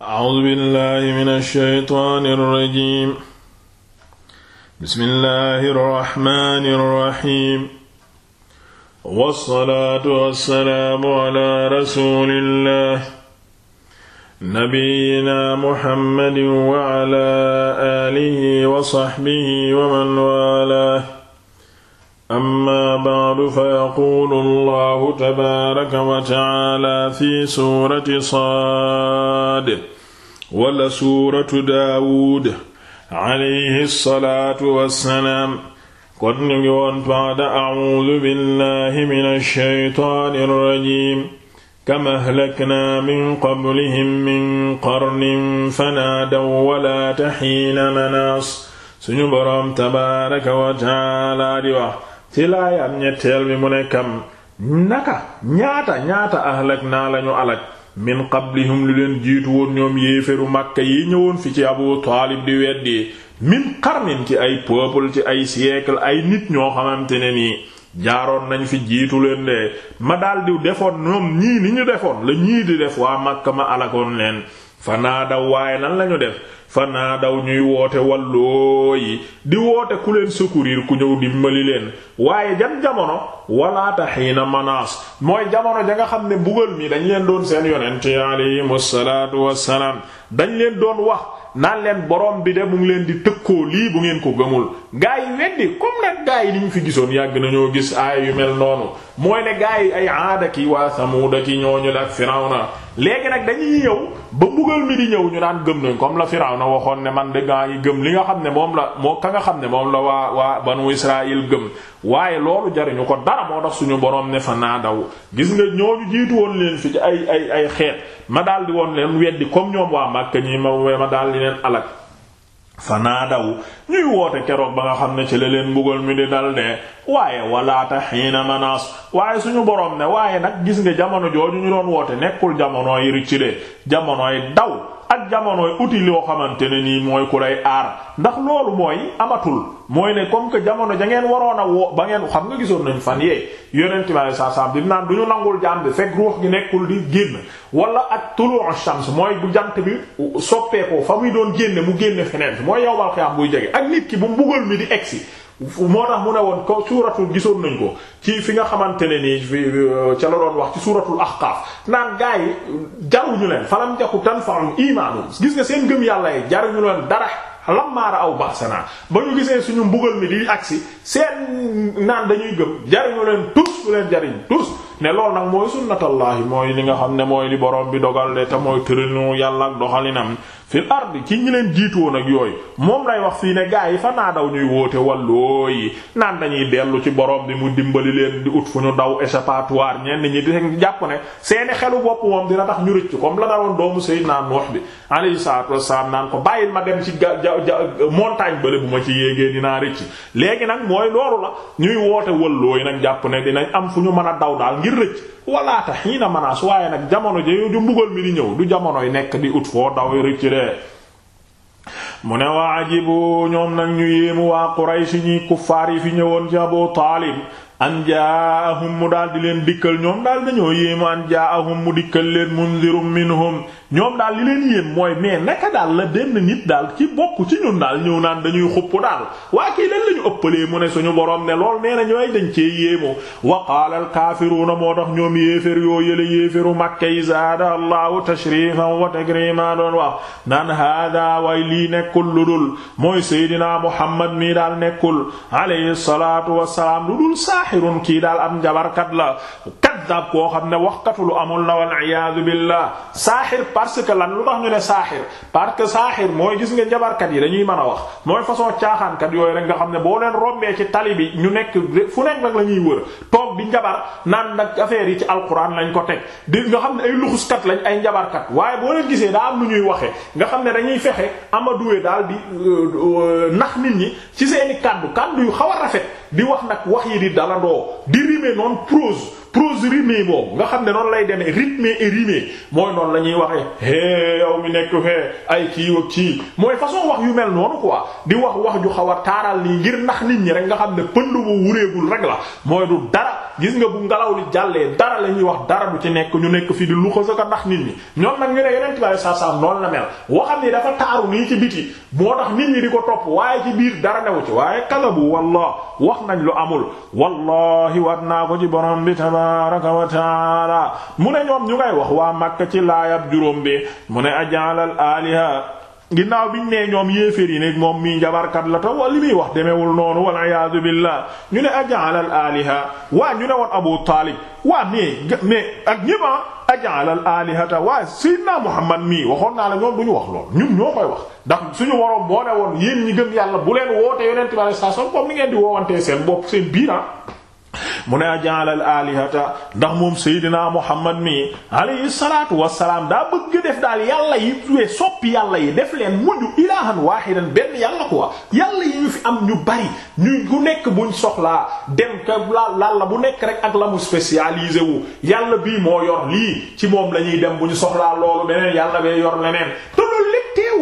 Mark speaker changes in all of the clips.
Speaker 1: A'uuzu billaahi mina shaytaani rajiim. Bismillaahi rahmaani rahiim. Wassalaatu wassalaamu alaa rasuulillaahi. Nabiyyinaa Muhammadin wa alaa aalihi wa sahbihi wa man waalaahu. amma ba'du fa yaquulu allahu tabaaraka wa ta'aala fi suurati saad wala suuratu daawuud alayhi salaatu wassalaam kon ñu ngi woon ba'da a'uudu billahi minash shaytaanir rajiim kama ahlaknaa min qablihim min qarnin fanaadaw walaata hiina manaas suñu boroom tabaaraka wa ta'aala di wax ci laayaam ñetteel mi mu ne kam naka ñaata ñaata ahlak naa lañu alak min qablihum lu leen
Speaker 2: jiitu woon ñoom yéeféru màkka yi ñëwoon fi ci abu taalib di weddi min qarnin ci ay peuple ci ay siècle ay nit ñoo xamante ne nii jaaroon nañ fi jiitu leen de ma daldi defoon ñoom ñii ni ñu defoon la ñii di def waa màkka ma alakoon leen fanaa daw waaye nan lañu def fanaa daw ñuy woote walloo yi di woote ku leen secourir ku ñëw dimbali leen waaye jan jamono walaata xiina manaas mooy jamono ja xam ne bugal mi dañ leen doon seen yonent yi aleyhim salaatu wassalaam dañ leen doon wax naan leen borom bi de mu ngi leen di tëkkoo lii bu ngeen ko gëmul gaa yi weddi comme nag gaa yi ñu fi gisoon yàgg nañoo gis aaya yu mel noonu mooy ne gaa ay aada ki waa samuuda ki ñooñu la ak firawna léegi nag dañuy yow ba mbugal mi di ñëw ñu daan gëm nañ comme la na waxoon ne man de gaa gëm li nga xam ne moom la moo ka nga xam ne moom la waa waa banu Israël gëm waaye loolu jariñu ko dara moo tax suñu boroom ne fa naa daw gis nga ñooñu jiitu woon leen fi ci ay ay ay xeet ma daal di woon leen weddi comme ñoom waa Makka ñi ma ma daal di leen alak fanaadaw ñuy woote keroog ba nga xam ne ci la leen mbugal mi di dal de waaye walaata xiina manaas waaye suñu borom ne waaye nag gis nga jamono jooju ñu doon woote nekkul jamonoy ricc de jamonoy daw ak jamonoy outil yoo xamante ne nii mooy ku lay aar ndax loolu mooy amatul mooy ne comme que jamono ja ngeen waroon a woo ba ngeen xam nga gisoon nañ fan yee yonent bi saa saa bi naan du ñu nangul jaam bi fekk ruux gi nekkul di génn wala ak tulu'u shams mooy bu jant bi soppeekoo fa muy doon génne mu génne feneen mooy yow bal xiyaam buy jege ak nit ki bu mbugal mi di egsi moo tax mu ne woon ko suuratul gisoon nañ ko ci fi nga xamante ne nii euh, ca la doon wax ci suuratul ahqaaf naan gaa yi jaruñu leen falam jaku tanfa'um imaanum gis nga seen gëm yàlla yi jaruñu leen dara lammaara aw ba'sana ba ñu gisee suñu mbugal mi di agsi seen naan dañuy gëm jariñu leen tus lu leen jariñ tus
Speaker 1: ne loolu nag mooy sunnatallahi mooy li nga xam ne mooy li boroom bi dogal de te mooy tëralinu
Speaker 2: yàlla ak doxalinam fil ardi ci ñi leen jiitoo nag yooyu moom lay wax fii ne gaa yi fa naa daw ñuy woote walloo yi naan dañuy dellu ci borom bi mu dimbali leen di ut fu ñu daw échappatoire ñenn ñi di jàpp ne seeni xelu bopp moom dina tax ñu rëcc comme la daroon doomu Seydina Nuux bi alayhi salaatu wassalaam naan ko bàyyil ma dem ci ga ja montagne bële bu ma ci yéegee dinaa rëcc léegi nag mooy loolu la ñuy woote walloo nag jàpp ne dinañ am fu ñu mën a daw daal ngir rëcc walla tax ñii na manaas waaye nag jamono ji du mbugal mi di ñëw du jamonoy nekk di ut foo daw rëcc de mu ne waa ajibu ñoom nag ñu yéemu waa Quraysh ñi kuffaar yi fi ñëwoon ci Abu Taalib an jaahum mu daldi leen dikkal ñoom daal dañoo yéemu an jaahum mu dikkal leen munzirum minhum ñoom daal li leen yéem mooy mais naka daal la benn nit daal ci bokk ci ñun daal ñëw naan dañuy xupp daal waa kii lan la ñu ëppalee mu ne suñu borom ne lool nee na ñooy dañ cee yéemoo wa qaala al kaafiruuna moo tax ñoom yéefér yoo yële yéeféru Makka yi zaada allahu tashrifan wa takrima doon wax naan hada way lii nekkul lu dul mooy seydinaa Muhammad mii daal nekkul alayhi salaatu wassalaam lu dul saaxirun kii daal am jabarkat la kaddaab koo xam ne waxkatu lu amul na wal iyaadu billah saaxir parce que lan lu tax ñu ne saaxir parce que saaxir mooy gis nga njabarkat yi dañuy man a wax mooy façon caaxaankat yooyu rek nga xam ne boo leen rombee ci tali bi ñu nekk fu nekk nag ñuy wër toog di njabar naan nag affaire yi ci alquran lañ ko teg di nga xam ne ay luxuskat lañ ay njabarkat waaye boo leen gisee daa am lu ñuy waxee nga xam ne dañuy fexe am a amaduwe daal di euh, euh, nax nit ñi ci seeni kàddu kàddu yu xaw a rafet wax nag wax yi di dalandoo di rime noonu prose rimée boobu nga xam ne noonu lay demee rythmé et rimé mooy noonu la ñuy waxee hé yow mi nekk fee ay kii ak kii mooy façon wax yu mel noonu quoi di wax wax ju xaw a taaral nii ngir nax nit ñi rek nga xam ne pënd bu wuréegul rek la mooy du dara gis nga bu ngelaw li jàllee dara la ñuy wax dara du ci nekk ñu nekk fi di lu ko saka ndax nit ñi ñoom nag ñu ne yeneen tubaab yi saa saa noonu la mel waxam ni dafa taaru nii ci biti moo tax nit ñi di ko topp waaye ci biir dara newu ci waaye kalabu wallah wax nañ lu amul wallahi wat naa ko ci borom bi tabaraka wa taala mu ne ñoom ñu ngay wax waa Makka ci laayab juróom bi mu ne ajalal aliha ginnaaw ñu nee ñoom yéeféer yi ne moom mii njabarkat la taw wa li muy wax demewul noonu wal iyaadu billah ñu ne aj'ala al aliha waa ñu ne woon abu taalib waa mais mais ak ñëppan ah, aj'ala al alihata waa sayyidina muhammad mii waxoon naa la ñoom du ñu wax lool ñun ñoo koy wax ndax suñu waroon moo ne woon yéen ñi gën yàlla bu leen woote yonente bi sallallahu alayhi wasallam ni ngeen di woowantee seen bopp seen biira ah. mu ne ja'alal alihata ndax moom Seydina Muhammad mi alayhi salaatu wassalaam daa bëgg def daal yàlla yi tuwee soppi yàlla yi def leen mujj ilaahan waahidan benn yàlla quoi yàlla yi ñu fi am ñu bari ñu ku nekk buñ soxlaa dem ka laal la bu nekk rek ak la mu spécialisé wu yàlla bii moo yor lii ci moom la ñuy dem bu ñu soxlaa loolu beneen yàlla bee yor leneen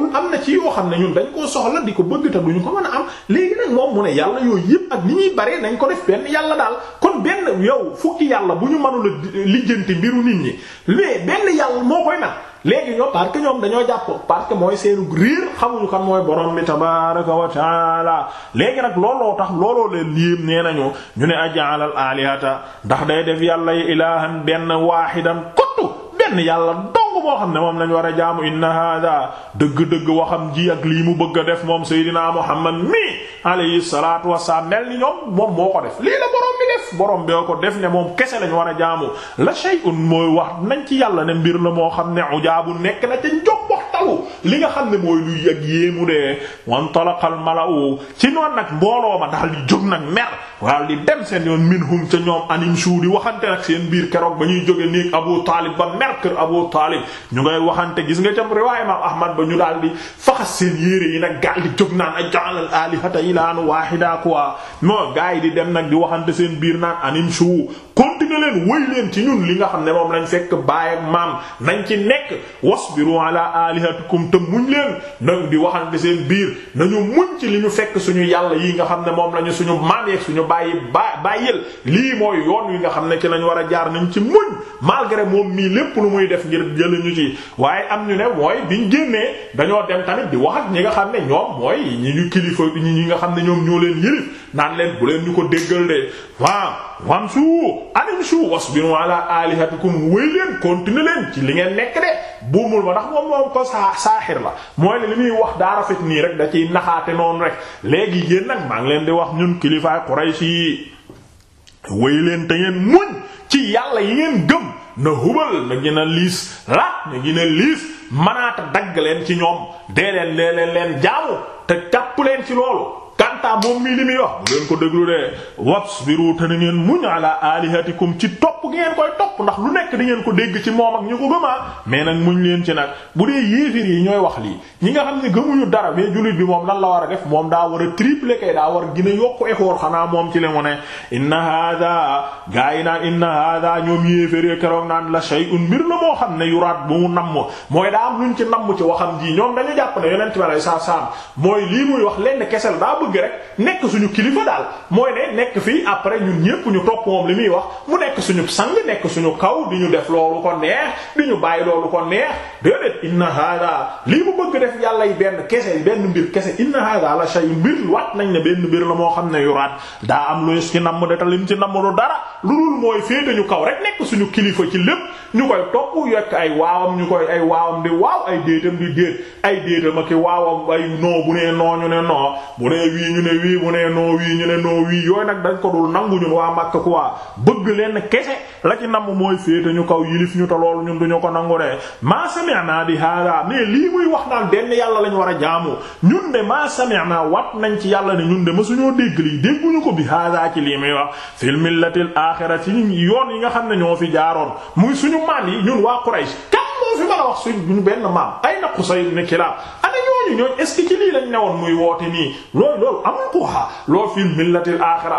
Speaker 2: teewul am na ci yoo xam ne ñun dañ koo soxla di ko bëgg te duñu ko mën a am léegi nag moom mu ne yàlla yooyu yëpp ak ni ñuy baree nañ ko def benn yàlla daal kon benn yow fukki yàlla bu ñu mënula lijjanti mbiru nit ñi mais benn yàlla moo koy léegi ñoom dañoo jàpp parce que mooy seenu riir xamuñu kan mooy borom bi tabaraka wa taala léegi nag looloo tax looloo leen liim nee nañu ñu ne ajaalal alihata ndax day def yàlla yi ilahan benn waahidan kottu benn yàlla moo xam ne moom lañu war a jaamu inna hada dëgg-dëgg waxam ji ak lii mu bëgg a def moom Seydina Muhammad mi alayhi salaatu wasalaam mel ni ñoom moom moo ko def lii la borom bi def borom bee ko def ne moom kese lañ war a jaamu la shay'un mooy wax nañ ci yàlla ne mbir la moo xam ne ujaabu nekk na ca njokk loolu li nga xam ne mooy lu yëg yéemu de wan talaqal malaw ci noon nag mbooloo ma daal di jóg nag mer daal di dem seen yoon minhum ca ñoom anim suu di waxante nag seen biir keroog ba ñuy joge néeg Abu Taalib ba mer kër Abu Taalib ñu ngay waxante gis nga cam riwaaya Imaam Ahmad ba ñu daal di faxas seen yére yi nag gaal di jóg naan aj'alal aalihata ilaahan waahida quoi non gaa yi di dem nag di waxante seen biir naan anim suu leen wëy leen ci ñun li nga xam ne moom lañ fekk baay maam nañ ci nekk bi wasbiru ala alihatikum te muñ leen nañ di waxante seen biir nañu muñ ci li ñu fekk suñu yàlla yi nga xam ne moom lañu suñu maam yeeg suñu bàyyi ba bàyyil lii mooy yoon wi nga xam ne ci lañ war a jaar nañ ci muñ malgré moom mii lépp lu muy def ngir jëlee ñu ci waaye am ñu ne bi ñu génnee dañoo dem tamit di wax ak ñi nga xam ne ñoom mooy ñi ñu kilifa ñi nga xam ne ñoom ñoo leen yërif naan leen bu leen ñu ko déggal de waaw wam suu anim bi wasbiru ala alihatikum wéy leen continuer leen ci li ngeen nekk de buumul ma ndax moom moom ko saa saaxir la mooy ne li muy wax daa rafet nii rek da ciy naxaate noonu rek léegi yéen nag maa ngi leen di wax ñun kilifaay Quraysh yi wéy leen te ngeen muñ ci yàlla yi ngeen gëm na hubal na gën a liis laat na gën a liis manaata dagg leen ci ñoom dee leen dee leen leen jaamu te jàpp leen ci loolu kanta moom mii li wax bu leen ko déglu de wasbiru te na ngeen muñ alihatikum ci topp ngeen koy topp ndax lu nekk di ngeen ko dégg ci moom ak ñu ko gëmaa mais nag muñ leen ci nag bu dee yéefir yi ñooy wax lii ñi nga xam ne gëmuñu dara mais jullit bi moom lan la war a def moom daa war a tripler kay daa war gën a yokku effort xanaa moom ci le mu ne inna hada gaa yi naan inna hada ñoom yéefér keroog naan la shay'un mbir la moo xam ne yuraat bu mu namm mooy daa am luñ ci namm ci waxam ji ñoom dañu jàpp ne yonent bi alayhi salaam bëgg rek nekk suñu kilifa daal mooy ne nekk fii après ñun ñépp ñu topp moom li muy wax mu nekk suñu sang nekk suñu kaw di ñu def loolu ko neex di ñu bàyyi loolu ko neex déedéet inna hada lii mu bëgg def yàlla yi benn kese benn mbir kese inna a la shay mbir wat nañ ne benn mbir la moo xam ne yuraat daa am lu ci namm de te ci namm lu dara lu dul mooy féete ñu kaw rek nekk suñu kilifa ci lépp ñu koy topp yokk ay waawam ñu koy ay waawam wii ñu ne wii mu ne non wii ñu ne non wii yooyu nag dañ ko dul nangu ñun waa Makka quoi bëgg leen kese la ci namm mooy féete ñu kaw yilif ñu te loolu ñun duñu ko nangu de maa sami'na bi hada muy wax naan benn yàlla lañ war a jaamu ñun de maa sami'na wat nañ ci yàlla ne ñun de mësuñoo dégg lii dégguñu ko bi hada ci lii muy wax fil millatil axirati yoon yi nga xam ne ñoo fi jaaroon muy suñu maam yi ñun waa Quraysh kan moo fi mën a wax suñu benn maam ay na Qusay ibn Kilab ñooñu ñooñu est ce que ci lii lañ newoon muy woote nii loolu loolu amul ko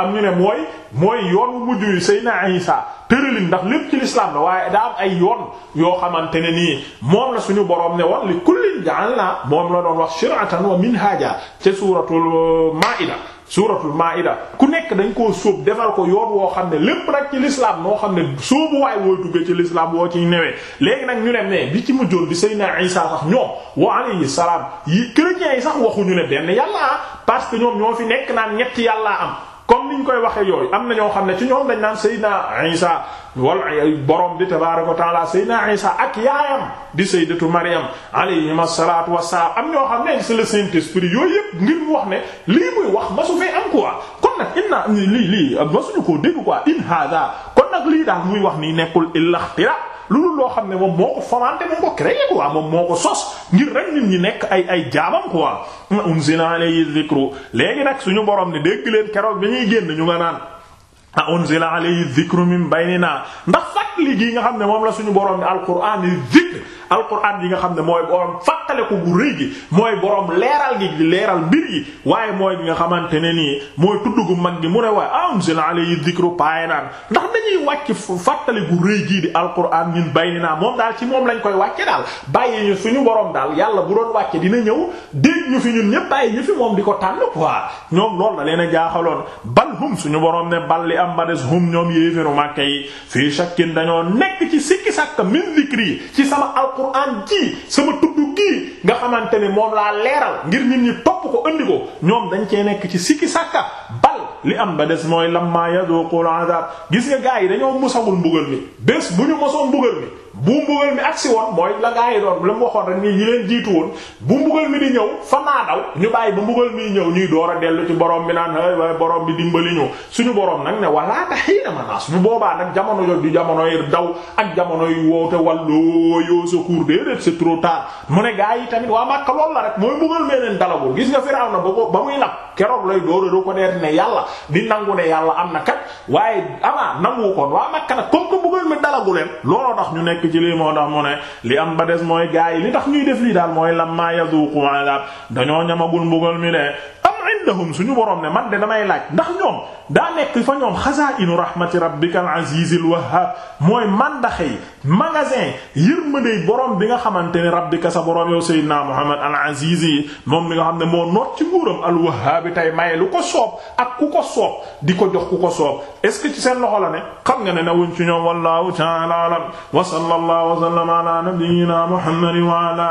Speaker 2: am ñu ne mooy mooy yoonu mujj wi Seydina Isa tëralin ndax lépp ci lislaam la waaye daa ay yoon yoo xamante ne nii moom la suñu boroom ne woon li kullin ja'alna moom la doon wax shir'atan wa minhaja ca suuratul Maa'ida suuratul maa'ida ku nekk dañ koo sóob defal ko yoon woo xam ne lépp nag ci lislaam moo xam ne sóobuwaay woo duggee ci l'islam woo ciy newee léegi nag ñu ne mais bi ci mu mujjoon bi Seydina Isa sax ñoom wa alayhi salaam yi chrétiens yi sax waxuñu ne benn yàlla ah, parce que ñoom ñoo fi nekk naan ñetti yàlla am niñ koy waxee yooyu am na ñoo xam ne ci ñoom dañ naan Seydina Isa wala borom bi tabaaraka wa taala Seydina Isa ak yaayam di Sayyidatu mariam alayhi salaatu wa salaam am ñoo xam ne c'est le Saint-Esprit yooyu ngir mu wax ne lii muy wax masu fee am quoi kon nag inna lii lii masuñu koo dégg quoi in hada kon nag lii daal muy wax nii nekkul illaxtira loolu loo xam ne moom moo ko fomenté moom ko créé quoi moom moo ko sos ngir rek nit ñi nekk ay ay jaamam quoi unzila alayhi dhikru léegi nag suñu borom ne dégg leen keroog bi ñuy génn ñu nga naan a unzila alayhi dhikru min baynina ndax li gi nga xam ne moom la suñu borom ne alquran yi dhikr alquran yi nga xam ne mooy borom fàttaliku bu rëy gi mooy borom leeral gi di leeral mbir yi waaye mooy gi nga xamante ne nii mooy tudd gu mag gi mu ne waaye anzila alayhi dhikru paay naan ndax dañuy wàcc fàttali gu rëy gii di alquran min baynina moom daal ci moom lañ koy wàcce daal bàyyi ñu suñu borom daal yàlla bu doon wàcce dina ñëw dégg ñu fi ñun ñëpp bàyyi ñu fi moom di ko tànn quoi ñoom loolu la leen a jaaxaloon bal hum suñu borom ne bal li am ba des hum ñoom yéeféru Makka yi fii shakkin dañoo nekk ci sikki sàkka min zikri ci sama alquran ji sama tudd gii nga xamante ni moom laa leeral ngir nit ñi topp ko andi ko ñoom dañ cee nekk ci sikki sàkka bal li am ba des mooy lamma yaduqul azab gis nga gaa yi dañoo mosawul mbugal mi bés bu ñu mosoon mbugal mi bu mbugal mi agsi woon mooy la gaa yi doon la mu waxoon rek nii yi leen jiitu woon bu mbugal mi di ñëw fa naa daw ñu bàyyi ba mbugal mi ñëw ñuy door a dellu ci borom bi naan ay waaye borom bi dimbali ñu suñu borom nag ne walla taxiina manaas bu boobaa nag jamono jot du jamonoy daw ak jamonoy woote wàllu yoo secours déedéet c'est trop tard mu ne gaa yi tamit waa Makka lool la rek mooy mbugal mee leen dalagul gis nga Firawna ba ko ba muy nag keroog lay door a reconnaître ne yàlla di nangu ne yàlla am na kat waaye ama nangu mi dalagu leen looloo tax ñu nekk ci lii moo tax mu ne li am ba des mooy gaa yi li tax ñuy def lii daal mooy lammaa yazuuqu adab dañoo ñamagul mbugal mi de innahum suñu boroom man de damay laaj ndax ñoom daa nekk fa ñoom xazaa'inu rahmati rabbikal azizil wahhab mooy man yi magasin yërmande boroom bi nga xamante ne rabbika sa boroom yow sayyidina Muhammad al aziz yi moom mi nga xam ne moo noot ci nguuram tay wahhab tey ko soob ak ku ko soob di ko jox ku ko soob est ce que ci seen loxo la ne xam nga ne nawuñ ci ñoom
Speaker 1: wallahu ta'ala a'lam wa sallallahu wa sallama ala nabiyyina Muhammad wa ala